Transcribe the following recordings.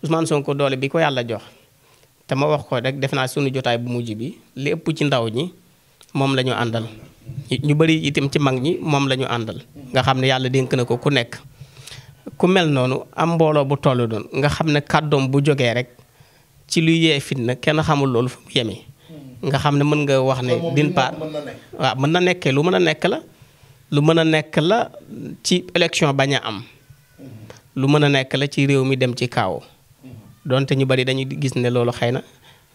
Ousmane Sonko doole bi ko yàlla jox te ma wax ko rek def naa sunu jotaay bu mujj bi li ëpp ci ndaw ñi moom la àndal. ñu bëri itam ci mag ñi moom la ñu àndal. nga xam ne yàlla dénk na ko ku nekk. ku mel noonu am mbooloo bu toll doon nga xam ne kàddoom bu jogee rek ci luy yee fitna kenn xamul loolu fu mu yemee. nga xam ne mën nga wax ne. d'une part mën na nekkee lu mën a nekk la. lu mën a nekk la ci élection bañ a am. Mhm. lu mën a nekk la ci réew mi dem ci kaaw donte ñu bari dañuy gis ne loolu xëy na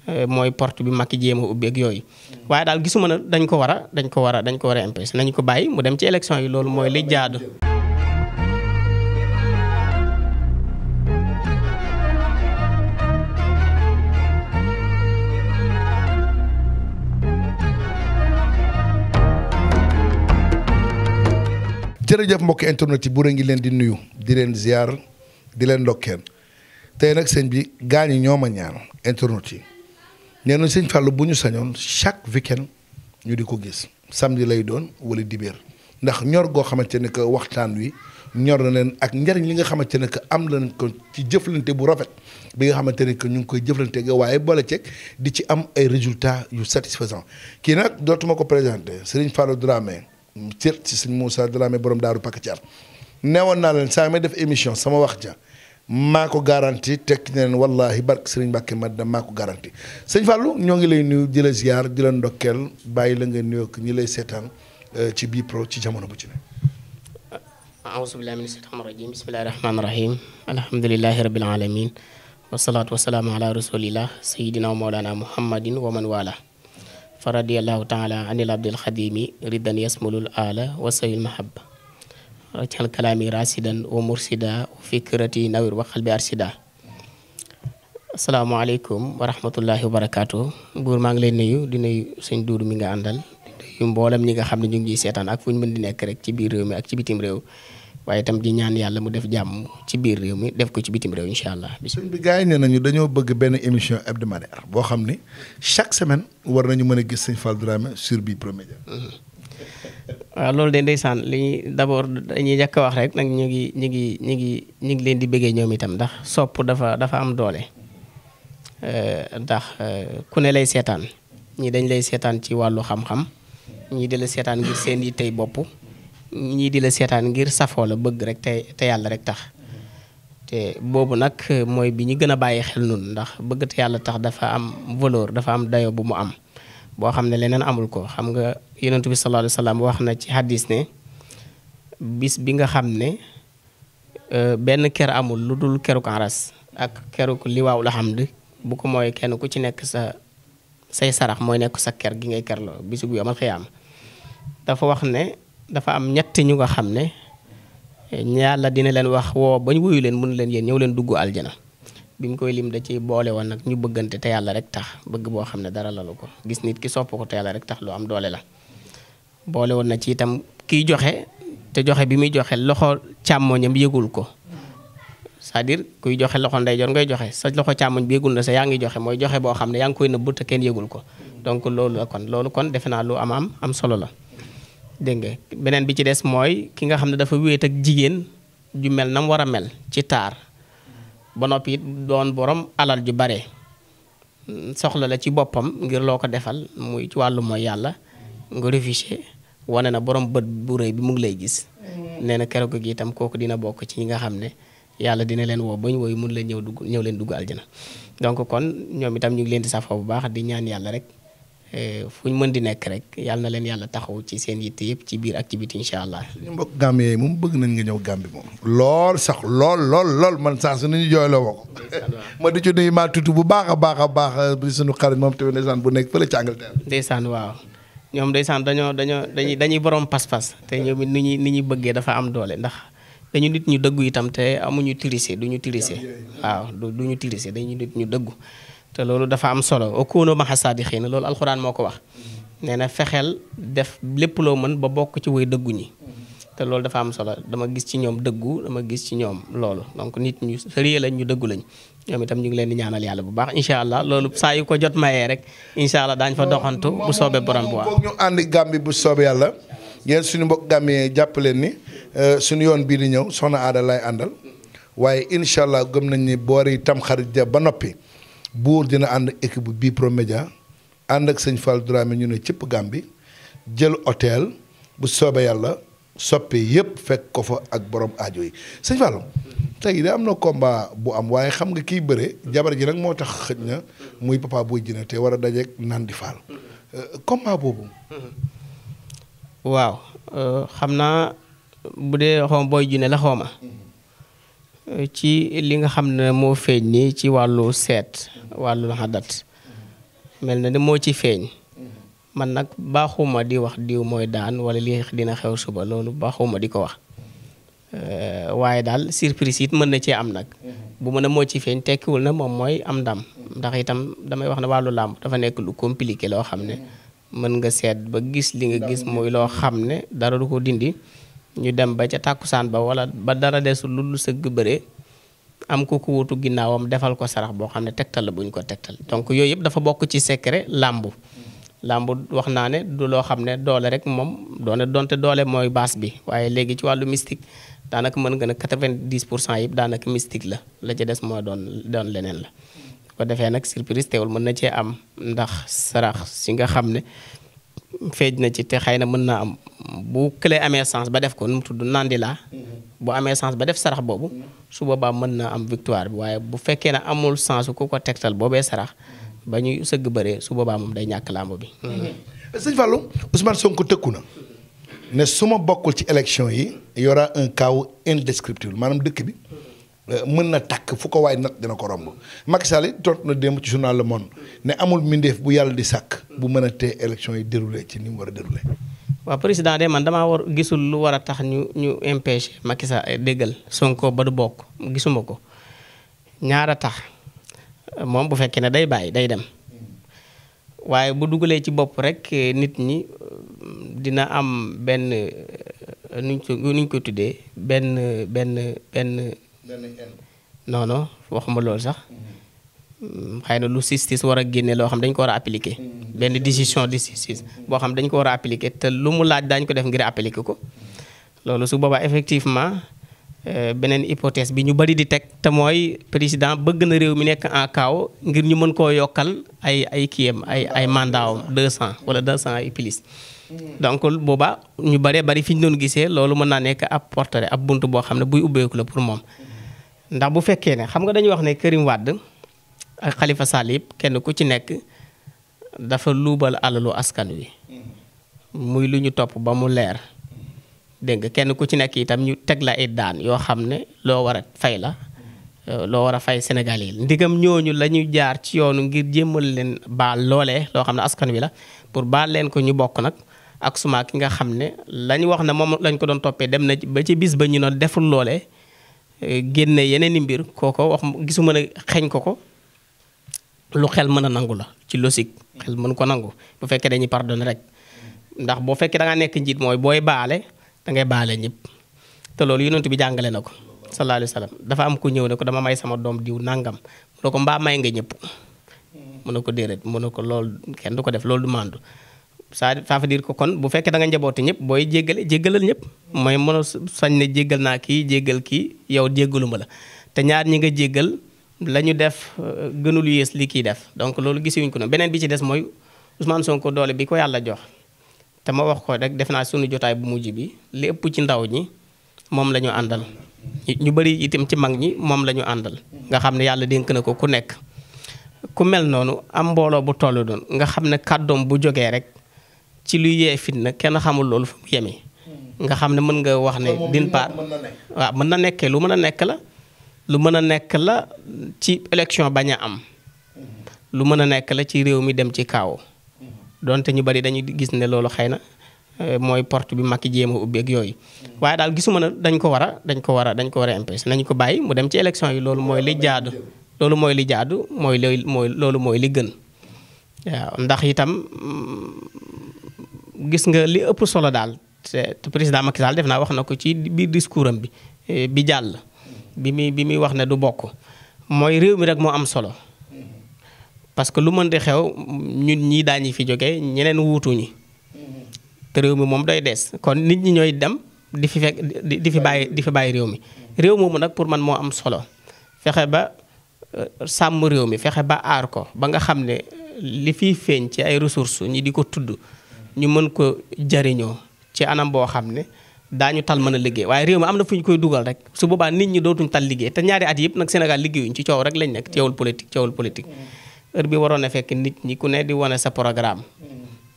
euh, mooy porte bi mag jéem jéema ubbeeg yooyu. waaye daal gisuma na dañ ko war a dañ ko war a dañ ko war a empêcher nañ ko bàyyi mu dem ci élection yi loolu mooy li jaadu. jërëjëf mbokki internet yi bu ngi leen di nuyu di leen ziar di leen ndokkeen tey nag sëñ bi gaañ yi ñoo ma ñaan internet yi nee na sëñ Fallou bu ñu sañoon chaque weekend ñu di ko gis samedi lay doon wala dibéer ndax ñor goo xamante ne que waxtaan wi ñor na leen ak njariñ li nga xamante ne que am lañ ko ci jëflante bu rafet bi nga xamante ne que ñu ngi koy jëflante ga waaye boole ceeg di ci am ay résultats yu satisfaisant kii nag dootuma ko présenté Serigne Fallou Dramé cër ci sëñ Moussa Dramé borom daaru Pakacar neewoon naa leen saa may def émission sama wax ja maa ko garanti tekki ne leen wallaahi barke sëriñ Mbàkke Madina maa ko garanti sëñ Fallou ñoo ngi lay nuyu di la ziar di ndokkeel bàyyi la nga nuyoo ñi lay seetaan euh, ci Bprod ci jamono bu ci ne. aouzu billahi mina shaytaani rajim bismillahi rahmaani rahim alhamdulillahi rabbil alamin wasalaatu wasalaamu ala rasulillah sayidina wa mawlana muhammadin wa man wala fa radiallahu taala anil abdil xadimi ridan yasmulul ala wa cal kalaami rasidan wa mursida wa fikrati nawir wa xalbi arsida asalaamaaleykum wa rahmatullahi wa barakaatu buur maa ngi lay nuyu di nuyu sëñ Duudu mi nga àndal di nuyu mboolem ñi nga xam ne ñu ngi seetaan ak fu ñu mën di nekk rek ci biir réew mi ak ci bitim réew waaye itam di ñaan yàlla mu def jàmm ci biir réew mi def ko ci bitim réew incha allah. sëñ bi gars yi nee nañu dañoo bëgg benn émission hebdomadaire boo xam ni chaque semaine war nañu mën a gis sëñ Fall Dramé sur Bprod waaw loolu de ndeysaan li ñuy d'abord dañuy njëkk a wax rek nag ñu ngi ñu ngi ñu ngi ñu ngi leen di bëggee ñoom itam ndax sopp dafa dafa am doole euh, ndax euh, ku ne lay seetaan ñii dañ lay seetaan ci wàllu xam-xam ñii di la seetaan ngir seen yi tey bopp ñii di la seetaan ngir safoo la bëgg rek te te yàlla rek tax te boobu nag euh, mooy bi ñu gën a bàyyi xel nun ndax bëgg te yàlla tax dafa am valeur dafa am dayo bu mu am boo xam ne leneen amul ko xam nga yonentu bi sallallahu salaam wax na ci hadis ne bis bi nga xam ne euh, benn ker amul lu dul keruk aras ak keruk liwaaw la xam xamd bu ko mooy kenn ku ci nekk sa say sarax mooy nekk sa ker gi ngay kerloo bisu bu yomal xiyaam dafa wax ne dafa am ñett ñu nga xam ne yàlla dina leen wax woo bañ wuyu leen mun leen yéen ñëw leen dugg aljana bi mu koy lim da ciy boole woon nag ñu bëggante te yàlla rek tax bëgg boo xam ne dara la lalu ko gis nit ki sopp ko te yàlla rek tax lu am doole la. boole woon na ci itam kiy joxe te joxe bi muy joxe loxo càmmoñam yëgul ko c'est-à-dire kuy joxe loxo ndeyjoor ngay joxe sa loxo càmmoñ bi yëgul na sa yaa ngi joxe mooy joxe boo xam ne yaa ngi koy nëbbu te kenn yëgul ko donc loolu la kon loolu kon defe naa lu am am solo la. dégg nga beneen bi ci des mooy ki nga xam ne dafa wéet ak jigéen ju mel nam war a mel ci taar. ba noppiit doon borom alal ju bare soxla la ci boppam ngir loo ko defal muy ci wàllu mooy yàlla nga réfugié wane na borom bët bu rëy bi mu ngi lay gis. nee na keroog gi tam kooku dina bokk ci ñi nga xam ne yàlla dina leen woo ba ñu wooyu mun la ñëw dugg ñëw leen dugg aljana donc kon ñoom itam ñu ngi leen di safoo bu baax di ñaan yàlla rek. Eh, fu ñu mën di nekk rek yàlla na leen yàlla taxaw ci seen yitte yëpp ci biir ak ci biti incha allah. suñu mbokk Gambie moom bëgg nañ nga ñëw Gambie moom. lool sax lool lool lool man sax su ñu jooyloo ma ko. ma di ci nuyu maa tuuti bu baax a baax a baax bi suñu xarit moom tamit ndeysaan bu nekk fële ci de ndeysaan waaw ñoom ndeysaan dañoo dañoo dañuy dañuy borom pas-pas te ñoom it ni ñuy ni ñuy bëggee dafa am doole ndax. dañu nit ñu dëggu itam te amuñu tirise duñu tirise waaw duñu tirise dañu nit ñu dëggu te loolu dafa am solo wa kuunu ma'a saadiqiin loolu alxuraan moo ko wax nee na fexeel def lépp loo mën ba bokk ci way dëggu ñi te loolu dafa am solo dama gis ci ñoom dëggu dama gis ci ñoom loolu donc nit ñu sérieux lañ ñu dëggu lañ ñoom itam ñu ngi leen di ñaanal yàlla bu baax incha allah loolu saa yu ko jot mayee rek incha allah daañ fa doxantu bu soobee borom bu baax ñu ànd Gàmbi bu soobee yàlla yéen suñu mbokk jàpp leen ni euh, suñu yoon bii di ñëw soxna aada lay àndal waaye incha allah gëm nañ ni boori tam ja ba noppi buur dina ànd ak équipe bi Promédia ànd ak sëñ Fall Dramé ñu ne cëpp Gàmbi jël hôtel bu soobee yàlla soppe yëpp fekk ko fa ak borom aajo yi sëñ Fall tey da am na combat bu am waaye xam nga kiy bëre jabar ji nag moo tax xëj na muy papa buy jine te war a dajeeg Nandi Fall euh, combat boobu. waaw euh, xam naa bu dee xaw booy jine la xaw ci li nga xam ne moo feeñ nii ci wàllu seet wàllu xadat mel na ni moo ci feeñ man nag baaxuma di wax diw mooy daan wala li dina xew suba loolu baaxuma di ko wax eh, waaye daal surprise it mën na cee am nag bu mën a moo ci feeñ tekkiwul na moom mooy am ndax itam damay wax ne wàllu làmp dafa nekk lu compliqué loo xam ne mën nga seet ba gis li nga gis muy loo xam ne dara du ko dindi ñu dem ba ca tàkkusaan ba wala ba dara desul lu sëgg bëre am ku ko wutu ginnaawam defal ko sarax boo xam ne tegtal la buñ ko tegtal donc yooyu yëpp dafa bokk ci secret làmbu làmbu wax naa ne du loo xam ne doole rek moom doone donte doole mooy baas bi waaye léegi ci wàllu mystique daanaka mën nga ne quatre-vingt-dix pour cent yëpp daanaka mystique la la ca des mooy doon doon leneen la. bu ko defee nag surprise teewul mën na cee am ndax sarax si nga xam ne. feej dina ci te xay na mën naa am bu këlee amee sens ba def ko nu mu tudd nandi laa bu amee sens ba def sarax boobu su boobaa mën naa am victoire bi waaye bu fekkee na amul sens ku ko tegtal boobee sarax ba ñuy sëgg bëree su boobaa moom day ñàkk làmb bi. Mm-hmm. sëñ Fallou Ousmane Sonko tëkku na ne su ma bokkul ci élection yi y aura un chaos indescriptible maanaam dëkk bi. Euh, mën na takk fu ko waay nat dina ko romb Macky Sall tontu na démb ci journal Le Monde ne amul mbindeef bu yàlla di sàkk bu mën a tee élection yi déroulé ci ni mu war a déroulé. waaw président de man damaa war gisul lu war a tax ñu ñu empêché Macky Sall eh, déggal Sonko ba du bokk gisuma ko ñaar a tax moom bu fekkee ne day bàyyi day dem waaye bu dugalee ci bopp rek eh, nit ñi mm, dina am benn eh, nuñ ko nuñ ko tuddee benn benn benn. non non waxuma loolu sax mm-hmm. xëy na lu justice war a génne loo xam dañ ko war a appliquer. Mm-hmm. benn décision de boo xam dañ ko war te lu mu laaj daañ ko def ngir appliquer ko mm-hmm. loolu su boobaa effectivement euh, beneen hypothèse bi ñu bari di teg te mooy président bëgg na réew mi nekk en chaos ngir ñu mën koo yokkal ay ay kiyam ay ay mandatam 200 wala 200 ay plus. donc boobaa ñu baree bari fi ñu doon gisee loolu mën naa nekk ab porte ab bunt boo xam ne buy ubbeeku la pour moom. ndax bu fekkee ne xam nga dañuy wax ne Karim wàdd ak xalifa Sall yëpp kenn ku ci nekk dafa luubal alalu askan wi muy lu ñu topp ba mu leer dégg nga kenn ku ci nekk itam ñu teg la ay daan yoo xam ne loo war a fay la euh, loo war a fay senegal yi ndigam ñooñu la ñu jaar ci yoonu ngir jëmmal leen baal loole loo xam ne askan wi la pour baal leen ko ñu bokk nag ak suma ki nga xam ne lañ wax ne moom lañ ko doon toppee dem na ba ci bis ba ñu noon deful loole génne yeneen i mbir kooko wax gisuma ne xeñ ko ko lu xel mën a nangu la ci logique xel mën ko nangu bu fekkee dañuy pardonné rek ndax boo fekkee da nekk njiit mooy booy baale da baale ñëpp te loolu yonent bi jàngale na ko salaale alayhi wa sallam dafa am ku ñëw ne ko dama may sama doom diw nangam mu ne ko mbaa may nga ñëpp mun ne ko déedéet mu ne ko lool kenn du ko def loolu du màndu ça ça veut dire que kon bu fekkee danga nga njabooti ñëpp booy jéggale jéggalal ñëpp mooy mën sañ ne jéggal naa kii jéggal kii yow jéggaluma la te ñaar ñi nga jéggal la ñu def euh, gënul yées li kii def donc loolu gisuñu ko noonu beneen bi ci des mooy Ousmane Sonko doole bi ko yàlla jox te ma wax ko rek def naa sunu jotaay bu mujj bi li ëpp ci ndaw ñi moom la ñu àndal ñu bëri itam ci mag ñi moom la ñu àndal nga xam ne yàlla dénk na ko ku nekk ku mel noonu am mbooloo bu toll doon nga xam ne kàddoom bu jógee rek ci luy yee fitna kenn xamul loolu fu mu yemee nga xam ne mën nga wax ne d'une part waaw mën na nekkee lu mën a nekk la lu mën a nekk la ci élection bañ a am lu mën a nekk la ci réew mi dem ci kaaw donte ñu bari dañuy gis ne loolu xëy na euh, mooy porte bi Macky jéem a yooyu waaye daal gisuma ne dañ ko war a dañ ko war a dañ ko war a empêcher nañ ko bàyyi mu dem ci élection yi loolu mooy li jaadu loolu mooy li jaadu mooy li mooy loolu mooy li gën waaw ndax itam gis nga li ëpp solo daal te président Macky Sall def naa wax na ko ci biir discours am bi eh, bi jàll bi muy bi muy wax na du bokk mooy réew mi rek moo am solo parce que lu mën di xew ñun ñii daañu fi jóge ñeneen wuutuñu te mi moom day des kon nit ñi ñooy dem di fi fekk di fi bàyyi di fi bàyyi réew mi réew moomu nag pour man moo am solo fexe ba euh, sàmm réew mi fexe ba aar ko ba nga xam ne li fiy feeñ ci ay ressources ñi di ko tudd ñu mën ko jariñoo ci anam boo xam ne daa ñu tal mën a liggéey waaye réew mi am na fu ñu koy dugal rek su boobaa nit ñi dootuñ tal liggéey te ñaari at yëpp nag Sénégal liggéeyuñ ci coow rek lañ nekk coowul politique coowul politique heure bi waroon a fekk nit ñi ku ne di wane sa programme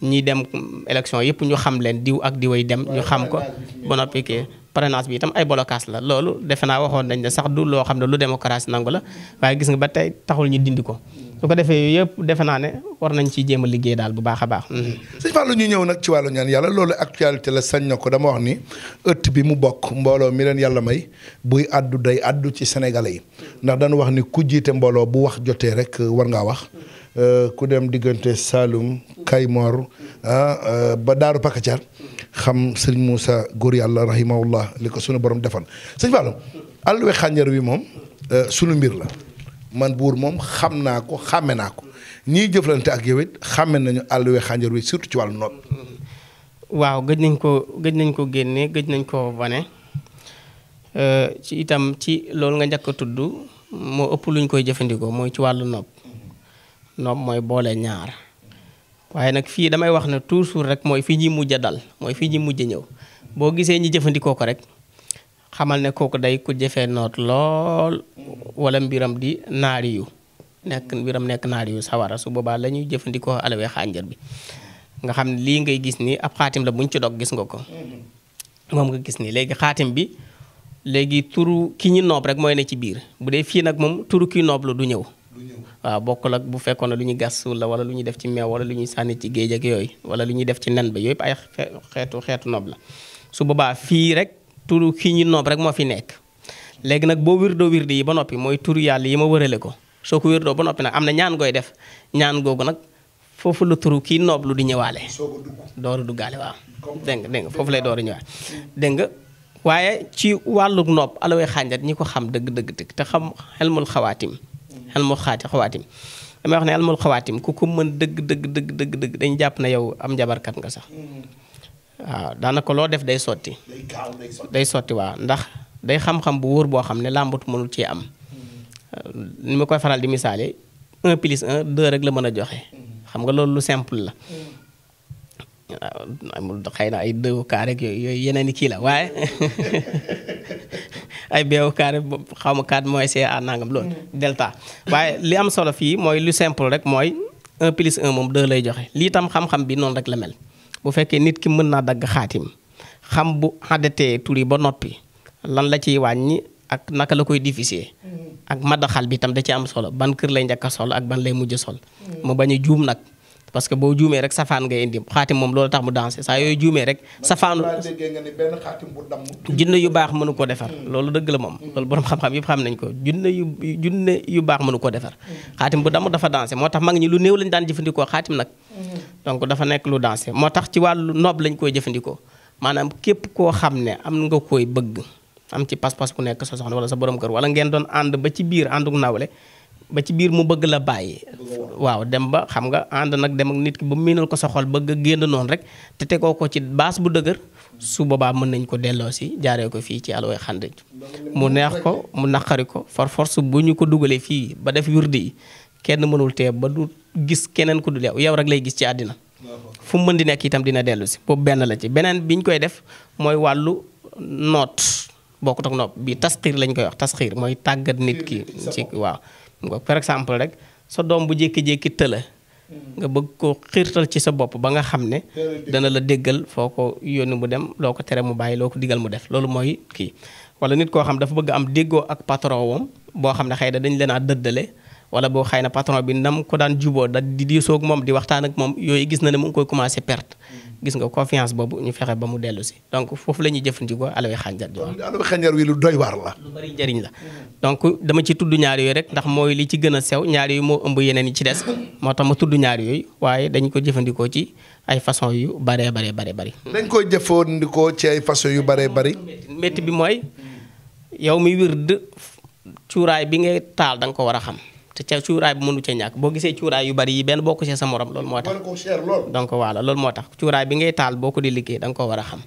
ñi dem élection yëpp ñu xam leen diw ak diway dem ñu xam ko ba noppi kii parrainage bi itam ay bolokaas la loolu defe naa waxoon nañ ne sax du loo xam ne lu démocratie nangu la waaye gis nga ba tey taxul ñu dindi ko su ko defee yooyu yëpp defe naa ne war nañ ci jéem a liggéey daal bu baax a baax. sëñ Fallou ñu ñëw nag ci wàllu ñaan yàlla loolu actualité la sañ na ko dama wax ni ëtt bi mu bokk mbooloo mi leen yàlla may buy àddu day àddu ci Sénégalais yi ndax dañu wax ni ku jiite mbooloo bu wax jotee rek euh, war ngaa wax. Euh, ku dem diggante Saloum Kaymoor ah, euh, ba Daaru Pakacar xam sëriñ Moussa góor yàlla rahimahullah li ko sunu borom defan sëñ Fallou alluwe xànjar wi moom sunu mbir la. man buur moom xam naa ko xàmme naa ko ñiy jëflante ak yow it nañu àll wi wi surtout ci wàllu nopp. waaw nañ ko gëj nañ ko génne gëj nañ ko wane euh, ci itam ci loolu nga njëkk a tudd moo ëpp luñ koy jëfandikoo mooy ci wàllu nopp nopp mooy boole ñaar waaye nag fii damay wax ne toujours rek mooy fii ñuy mujj mooy fii ñuy mujj ñëw boo gisee ñi jëfandikoo ko rek xamal ne kooku day ku jëfee noot lool. wala mbiram di naari yu nekk mbiram nekk naari yu sawara su boobaa la ñuy jëfandikoo alawee xànjar bi nga xam lii ngay gis ni ab xaatim la buñ ci dog gis nga ko mm-hmm. moom nga gis ni léegi xaatim bi léegi turu ki ñu noob rek mooy ne ci biir bu dee fii nag moom turu ki noob la du ñëw bokkul ak bu fekkoon ne lu ñuy gas suul wala lu def ci meew wala lu ñuy sànni ci géej ak yooyu wala lu ñuy def ci nen ba yooyu ay xeetu xeetu noob la noob rek moo fi nekk léegi nag boo wirdoo wirdi yi ba noppi mooy turu yàlla yi ma wërale ko soo ko wirdoo ba noppi nag am na ñaan gooy def ñaan googu nag foofu la turu kii noob lu di ñëwaale door a duggaale waaw dégg nga dégg nga foofu lay door a ñëwaale dégg nga waaye ci wàlluk noob alawee xànjat ñi ko xam dëgg dëgg te xam xelmul xawaatim xelmul xaati xawaatim damay wax ne xelmul xawaatim ku ko mën dëgg dëgg dëgg dëgg dëgg dañ jàpp na yow am jabarkat nga sax mm. waaw daanaka loo def day sotti day sotti ndax day xam-xam bu wóor boo xam ne làmbatu mënul ci am ni ma koy faral di misaale un plus en deux rek la mën a joxe xam nga loolu lu simple la waaw xëy na ay deux yooyu yeneen i kii la waaye ay beewu carré xaw ma quatre mooy c'est à nangam loolu delta waaye li am solo fii mooy lu simple rek mooy un plus un moom deux lay joxe lii tam xam-xam bi noonu rek la mel bu fekkee nit ki mën naa dagg xaatim xam bu àddatee tur ba noppi lan la ciy wàññi ak naka la koy diffuser mm. ak madaxal bi tam da ci am solo ban kër lay njëkk a sol ak ban lay mujj sol mm. mu bañ a juum nag parce que boo juumee rek safaan ngay indi xaatim moom loolu tax mu dansé saa yooyu juumee rek safaanu junne yu baax mënu ko defar mm. loolu dëgg la moom borom xam-xam xam nañ ko junne yu junne yu baax mënu ko defar xaatim bu damm dafa dansé moo tax mag ñi lu néew lañ daan jëfandikoo xaatim nag donc dafa nekk lu dansé moo tax ci wàllu noob lañ koy jëfandikoo maanaam képp koo xam ne am nga koy bëgg am ci pas-pas ku nekk sa soxna wala sa borom kër wala ngeen doon ànd ba ci biir ànduk nawle ba ci biir mu bëgg la bàyyi. waaw dem ba xam nga ànd nag dem ak nit ki ba miinal ko sa xol bëgg a génn noonu rek ko ci baas bu dëgër su mën nañ ko delloo si jaaree ko fii ci alway xandëj mu neex ko mu naqari ko far force bu ñu ko dugalee fii ba def wirdi yi kenn mënul tee ba du gis keneen ku dul yow yow rek lay gis ci àddina fu mu mën di nekk itam dina dellu si boobu benn la ci beneen biñ koy def mooy wàllu noot bokkut ak nopp bi tasxiir lañ koy wax tasxiir mooy tàggat nit kii ci waaw par exemple rek sa doom bu jékki-jékki tëla nga bëgg ko xiirtal ci sa bopp ba nga xam ne dana la déggal foo ko yónni mu dem loo ko tere mu bàyyi loo ko digal mu def loolu mooy kii wala nit koo xam dafa bëgg am déggoo ak patron wom boo xam ne xëy na dañ leen a dëddale wala boo xëy na patron bi nam ko daan juboo da di diisoog moom di waxtaan ak moom yooyu gis na ne mu ngi koy commencé perte gis nga confiance boobu ñu fexe ba mu dellu si donc foofu la ñuy jëfandikoo alawe xànjar alawe xànjar wi lu doy waar la lu bari la donc dama ci tudd ñaar yooyu rek ndax mooy li ci gën a sew ñaar yooyu moo ëmb yeneen yi ci des moo tax ma tudd ñaar yooyu waaye dañ ko jëfandikoo ci ay façon yu baree baree bare bëri dañ koy jëfandikoo ci ay façon yu baree bëri métti bi mooy yow mi wird cuuraay bi ngay taal da ko war a xam te ca cuuraay bi mënu ca ñàkk boo gisee cuuraay yu bari yi benn bokku ci sa morom loolu moo tax donc voilà loolu moo tax cuuraay bi ngay taal boo ko di liggéey da ko war a xam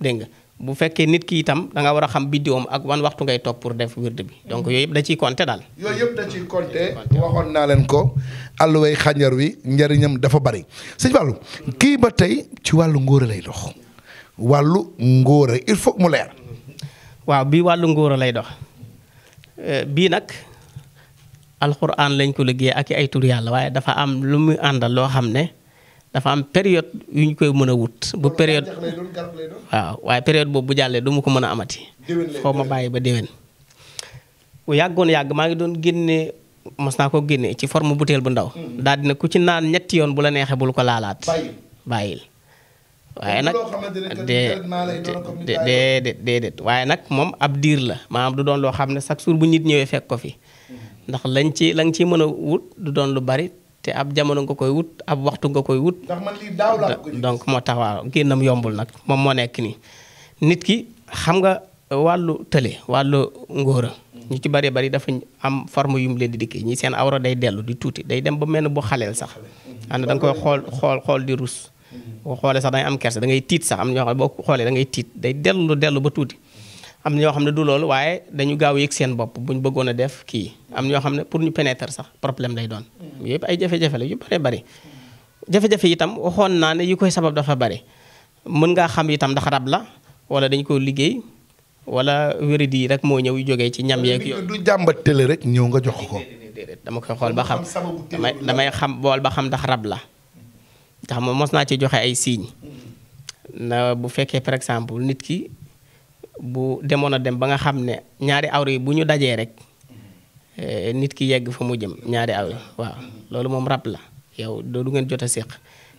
dégg nga bu fekkee nit ki itam danga war a xam biddiwam ak wan waxtu ngay topp pour def wird bi donc yooyu yëpp da ciy compter daal. yooyu yëpp da ciy waxoon naa leen ko àlluway xànjar wi njariñam dafa bari sëñ Fallou kii ba tey ci wàllu ngóora lay dox wàllu ngóora il faut mu leer. waaw bii wàllu ngóora lay dox euh, bii nag. alxuraan lañ ko liggéey ak ay tur yàlla waaye dafa am lu muy àndal loo xam ne dafa am période yu ñu koy mën a wut. bu période waaw waaye période boobu bu jàllee du mu ko mën a amati. foo ma bàyyi ba déwén. bu yàggoon yàgg maa ngi doon génne mos naa ko génne ci forme butéel bu ndaw. Hmm. daal dina ku ci naan ñetti yoon bu la neexee bul ko laalaat. bàyyil waaye nag de de de déedéet waaye nag moom ab diir la maanaam du doon loo xam ne chaque jour bu nit ñëwee fekk ko fi. ndax lañ ci lañ ci mën a wut du doon lu bari te ab jamono nga koy wut ab waxtu nga koy wut. donc moo tax waa génn génnam yombul nag moom moo nekk nii. nit ki xam nga wàllu tële wàllu ngóora. ñu ci bari bari dafa am forme yu mu leen di dikkee ñi seen awra day dellu di tuuti day dem ba mel ne bu xaleel sax. ànd da nga koy xool xool xool di rus. boo xoolee sax da am kersa da ngay tiit sax am ñoo xam boo xoolee da ngay tiit day dellu dellu ba tuuti. am ñoo xam ne du loolu waaye dañu gaaw yëg seen bopp bu ñu bëggoon a def kii am ñoo xam ne pour ñu penetre sax problème lay doon. yëpp ay jafe-jafe la yu bëree bëri. jafe-jafe itam waxoon naa ne yu koy sabab dafa bëri mën ngaa xam itam ndax rab la wala dañ ko liggéey wala wéridi yi rek moo ñëw yu jógee ci ñam yeeg yow. du jàmbat télé rek ñëw nga jox ko. dama koy xool ba xam damay damay xam bool ba xam ndax rab la ndax moom mos naa ci joxe ay signes na bu fekkee par exemple nit ki bu demoon a dem ba nga xam ne ñaari awra bu ñu dajee rek eh, nit ki yegg fa mu jëm ñaari awra waaw loolu moom rab la yow doo du ngeen jot a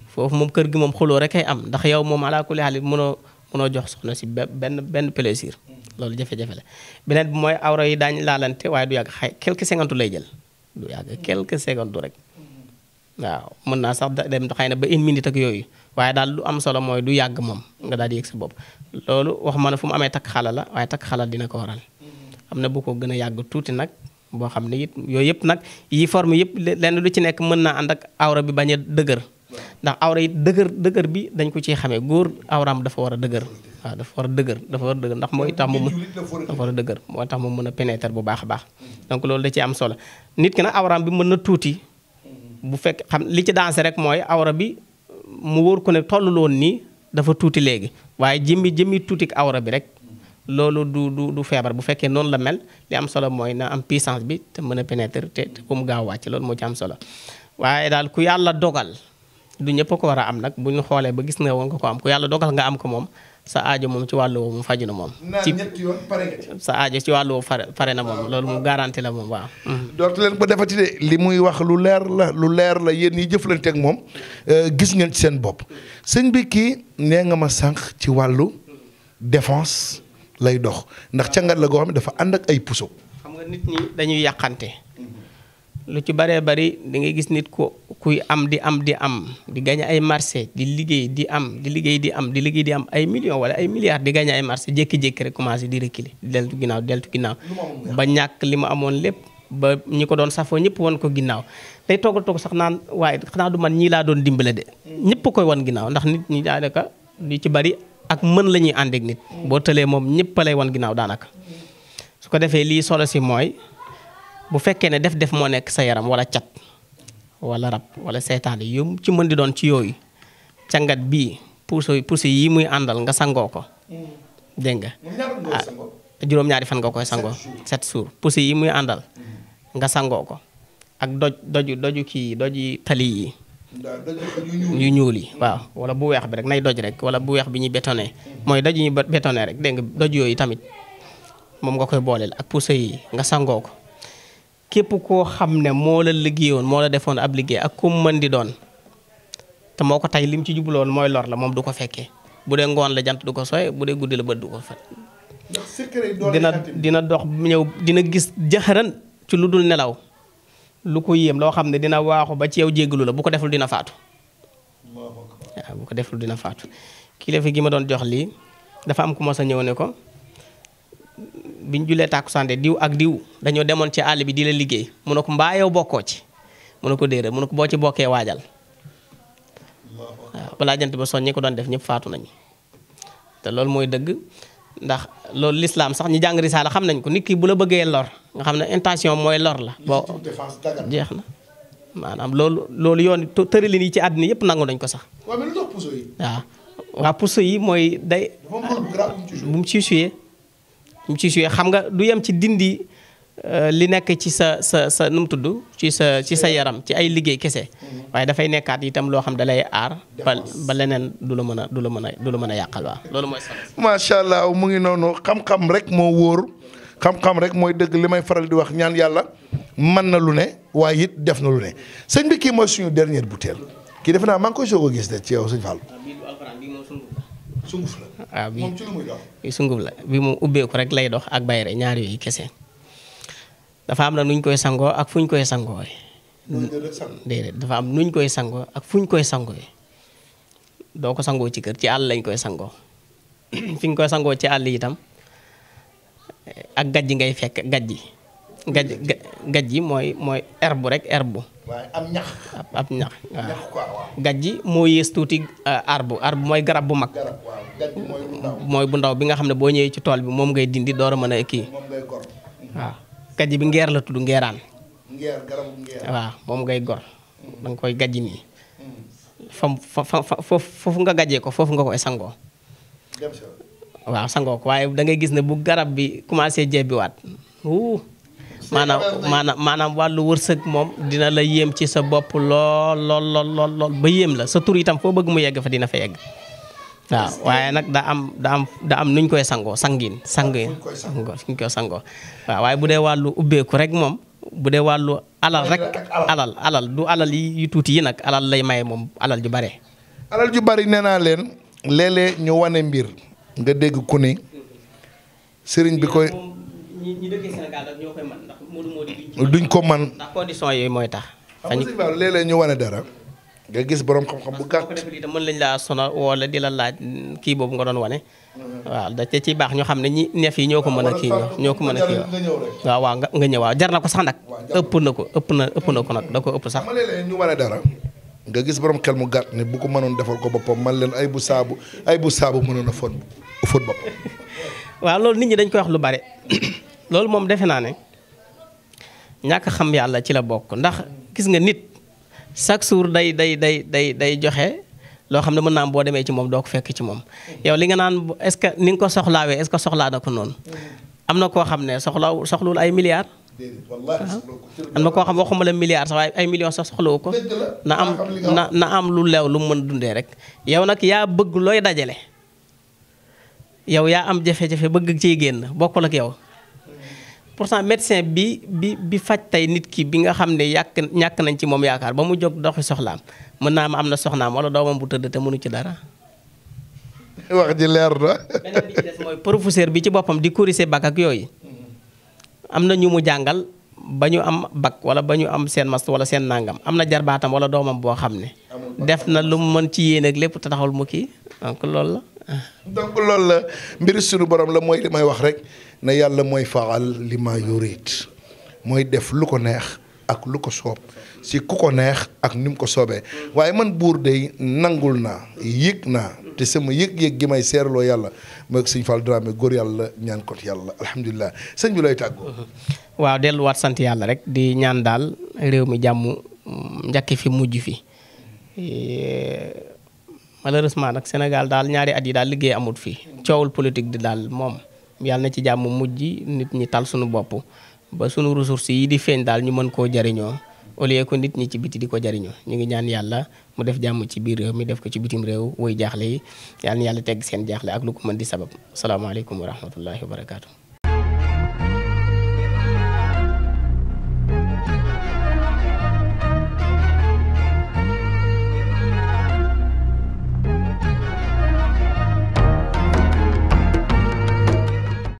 foofu moom kër gi moom xuloo rek ay am ndax yow moom alaa kulli xaalis mënoo mënoo jox soxna si benn benn plaisir loolu jafe-jafe la beneen bi mooy awra yi daañ laalante waaye du yàgg xay quelques secondes lay jël du yàgg quelques secondes rek waaw mën naa sax dem xay na ba une minute ak yooyu waaye daal lu am solo mooy du yàgg moom nga daal di yëg sa bopp loolu wax ma fu mu amee takk xala la waaye takk xala dina ko waral am na bu ko gën a yàgg tuuti nag boo xam ne it yooyu yëpp nag yi forme yëpp lenn lu ci nekk mën naa ànd ak awra bi bañ a dëgër ndax awra it dëgër bi dañ ko ciy xamee góor dafa war a dëgër waaw dafa a dëgër dafa war a dëgër ndax mooy tax mu mën dafa war a dëgër mooy tax mu mën a pénétrer bu baax a baax donc loolu da ci am solo nit ki nag awraam bi mën na tuuti bu fekk xam li ci dansé mu wóor ko ne tollu loon nii dafa tuuti léegi waaye jëmmi jëmmi tuuti awra bi rek loolu du du du feebar bu fekkee noonu la mel li am solo mooy na am puissance bi te mën a penetre te bu mu gaaw wàcc loolu moo ci am solo waaye daal ku yàlla dogal du ñëpp ko war a am nag bu ñu xoolee ba gis nga woon nga ko am ku yàlla dogal nga am ko moom sa aajo moom ci wàllu woowu mu faju na moom. ci sa aajo ci wàllu woowu pare na moom loolu mu garanti la moom waaw. Mm-hmm. dootu leen ko defati de li muy wax lu leer la lu leer la yéen ñi jëflante ak moom euh, gis ngeen ci seen bopp sëñ bi kii nee nga ma sànq ci wàllu défense lay dox ndax cangat la goo dafa ànd ak ay puso. xam nga nit ñi dañuy yàqante. lu ci baree bari da ngay gis nit ku kuy am di am di am di gañe ay marché di liggéey di am di liggéey di am di liggéey di am ay millions wala ay milliards di gañe ay marché jékki-jékki rek commencé di reculer deltu ginnaaw deltu ginnaaw ba ñàkk li mu amoon lépp ba ñi ko doon safoo ñëpp wan ko ginnaaw tey toogal toog sax naan waaye xanaa du man ñii laa doon dimbale de ñëpp koy wan ginnaaw ndax nit ñi daanaka li ci bari ak mën la ñuy ànd ak nit boo tëlee moom ñëpp lay ginnaaw daanaka ko defee lii solo bu fekkee ne def-def moo nekk sa yaram wala cat wala rab wala seytaane yu ci mën di doon ci yooyu cangat bii puso puso yi muy àndal nga sangoo ko mm. dégg nga ah, juróom-ñaari nga koy sangoo sept jours puso yi muy àndal mm. nga sangoo ko ak doj doju doju kii doji tali yi yu ñuul yi waaw wala bu weex bi rek nay doj rek wala bu weex bi ñuy bétonné mm. mooy doj ñu bétonné rek dégg nga doj yooyu tamit moom nga koy booleel ak puso yi nga sangoo ko képp koo xam ne moo la liggéeyoon moo la defoon ab liggéey ak ku mën di doon te moo ko tey lim ci jubloon mooy lor la moom du ko fekkee bu dee ngoon la jant du ko sooy bu dee guddi la bët du ko fat dina dina dox ñëw dina gis jaxaran ci lu dul nelaw lu ko yéem loo xam ne dina waaxu ba ci yow jéggalu la bu ko deful dina faatu waaw bu ko deful dina faatu kilifa gi ma doon jox lii dafa am ku mos a ñëw ne ko biñ julee tàkkusaan de diw ak diw dañoo demoon ci àll bi di la liggéey mu ne ko mbaa yow bokkoo ci mu ne ko déedéet mu ne ko boo ci bokkee waajal waaw balaa jant ba soñ ñi ko doon def ñëpp faatu nañu te loolu mooy dëgg ndax loolu lislaam sax ñi jàng risaala xam nañ ko nit ki bu la bëggee lor nga xam ne intention mooy lor la boo jeex na maanaam loolu loolu yoon tëralin yi ci àddina yëpp nangu nañ ko sax waaw waaw puso yi mooy day bu mu ci ñu ci suyee xam nga du yem ci dindi euh, li nekk ci sa sa sa nu mu tudd ci sa ci sa yaram ci ay liggéey kese mm-hmm. waaye dafay nekkaat itam loo xam da lay aar ba ba leneen du la mën a du la mën a du la mën a yàqal waa loolu macha allah mu ngi noonu xam-xam rek moo wóor xam-xam rek mooy dëgg li may faral di wax ñaan yàlla mën na lu ne waaye it def na lu ne sëñ bi kii mooy suñu dernière bouteille kii def naa maa koy soog a gis de ci yow sëñ Fall sunguf la waaw ah, bi moom ci sunguf la bi moom ubbeeku rek lay dox ak bayre ñaar yooyu kese dafa am na nuñ koy sangoo ak fuñ koy sangoo déedéet dafa am nuñ koy sangoo ak fuñ koy sangoo doo ko sangoo ci kër ci àll lañ koy sangoo fi ñu koy sangoo ci àll itam eh, ak gajj ngay fekk gajj gajj gajj mooy mooy herbe rek herbe waaye am ñax. am ñax waaw moo yées tuuti euh, arbre arbre mooy garab bu mag. mooy bu ndaw. bi nga xam ne boo ñëwee ci tool bi moom ngay dindi door a mën a kii. moom ngay gor. bi ngeer la tudd ngeeraan. ngeer moom ngay gor. Mm. da koy gajj nii. Mm. fam fa fa foofu nga gàjjee ko foofu nga koy sangoo. waaw sangoo ko waaye da gis ne bu garab bi commencé jebbiwaat maanaam maanaam maanaam wàllu wërsëg moom dina la yéem ci sa bopp lool lool lool ba yéem la sa tur itam foo bëgg mu yegg fa dina fa yegg waaw waaye nag da am da am nuñ koy sangoo sangiin sangiin fuñ koy sangoo waaw waaye bu dee wàllu ubbeeku rek moom bu dee wàllu alal rek alal alal du alal yi tuuti yi nag alal lay maye moom alal ju bare alal ju bari nee naa leen léeg-léeg ñu wane mbir nga dégg ku ni sëriñ bi koy duñ ko man ndax condition yooyu mooy tax. xam nga léeg ñu wane dara. nga gis borom xam-xam bu gàtt parce mën lañ laa sonal wala di la laaj kii boobu nga doon wane. waaw da ci baax ñu xam ne ñi neef yi ñoo ko mën a kii ñoo ko mën a kii waaw waaw nga ñëw waaw jar na ko sax nag. ëpp na ko ëpp na ëpp na ko nag da ko ëpp sax. ñu dara. nga gis borom xel mu gàtt ne bu ko mënoon defal ko boppam man leen ay bu saabu ay bu saabu mënoon a fóot fóot boppam. waaw loolu nit ñi dañ koy wax lu bare loolu moom defe naa ne ñàkk xam yàlla ci la bokk ndax gis nga nit chaque jour day day day day day joxe loo xam ne mën naa am boo demee ci moom doo ko fekk ci moom. yow li nga naan est-ce que ni ko soxlaawee est que soxlaa na ko noonu. am na koo xam ne soxlaw soxlul ay milliards. am koo xam waxuma la milliards waaye ay millions sax soxlawu ko. na am na am lu leew lu mu mën dundee rek. yow nag yaa bëgg looy dajale yow yaa am jafe-jafe bëgg ciy génn bokkul ak yow. pourtant médecin bi bi bi faj tey nit ki bi nga xam ne yàq ñàkk nañ ci moom yaakaar ba mu jóg doxi soxlaam mën naa ma am na soxnaam wala doomam bu tëdd te mënu ci dara. wax ji bi ci boppam di corriger bac ak yooyu. am na ñu mu jàngal ba ñu am bac wala ba ñu am seen mast wala seen nangam am na jarbaatam wala doomam boo xam ne. def na lu mu mën ci yéen ak lépp te taxawul mu kii donc loolu la. donc loolu mbiri sunu borom la mooy li wax rek. na yàlla mooy faal li ma mooy def lu ko neex ak lu ko soob si ku ko neex ak ni mu ko soobee waaye man buur dey nangul naa yëg naa te sama yëg-yëg gi may seerloo yàlla mooy sëñ Fall Dramé góor yàlla ñaan ko yàlla alhamdulilah sëñ bi lay tàggoo. waaw delluwaat sant yàlla rek di ñaan daal réew mi jàmm njëkk fi mujj fi. malheureusement nag senegal daal ñaari at yi daal liggéey amut fi coowul politique di daal moom yàlla na ci jàmm mujj nit ñi tal suñu bopp ba sunu ressources yi di feeñ daal ñu mën koo jariñoo au lieu que nit ñi ci biti di ko jariñoo ñu ngi ñaan yàlla mu def jàmm ci biir réew mi def ko ci bitim réew woy jaaxle yi yàlla na yàlla tegg seen jaaxle ak lu ko mën di sabab salaamaaleykum wa rahmatullahi wa barakaatu.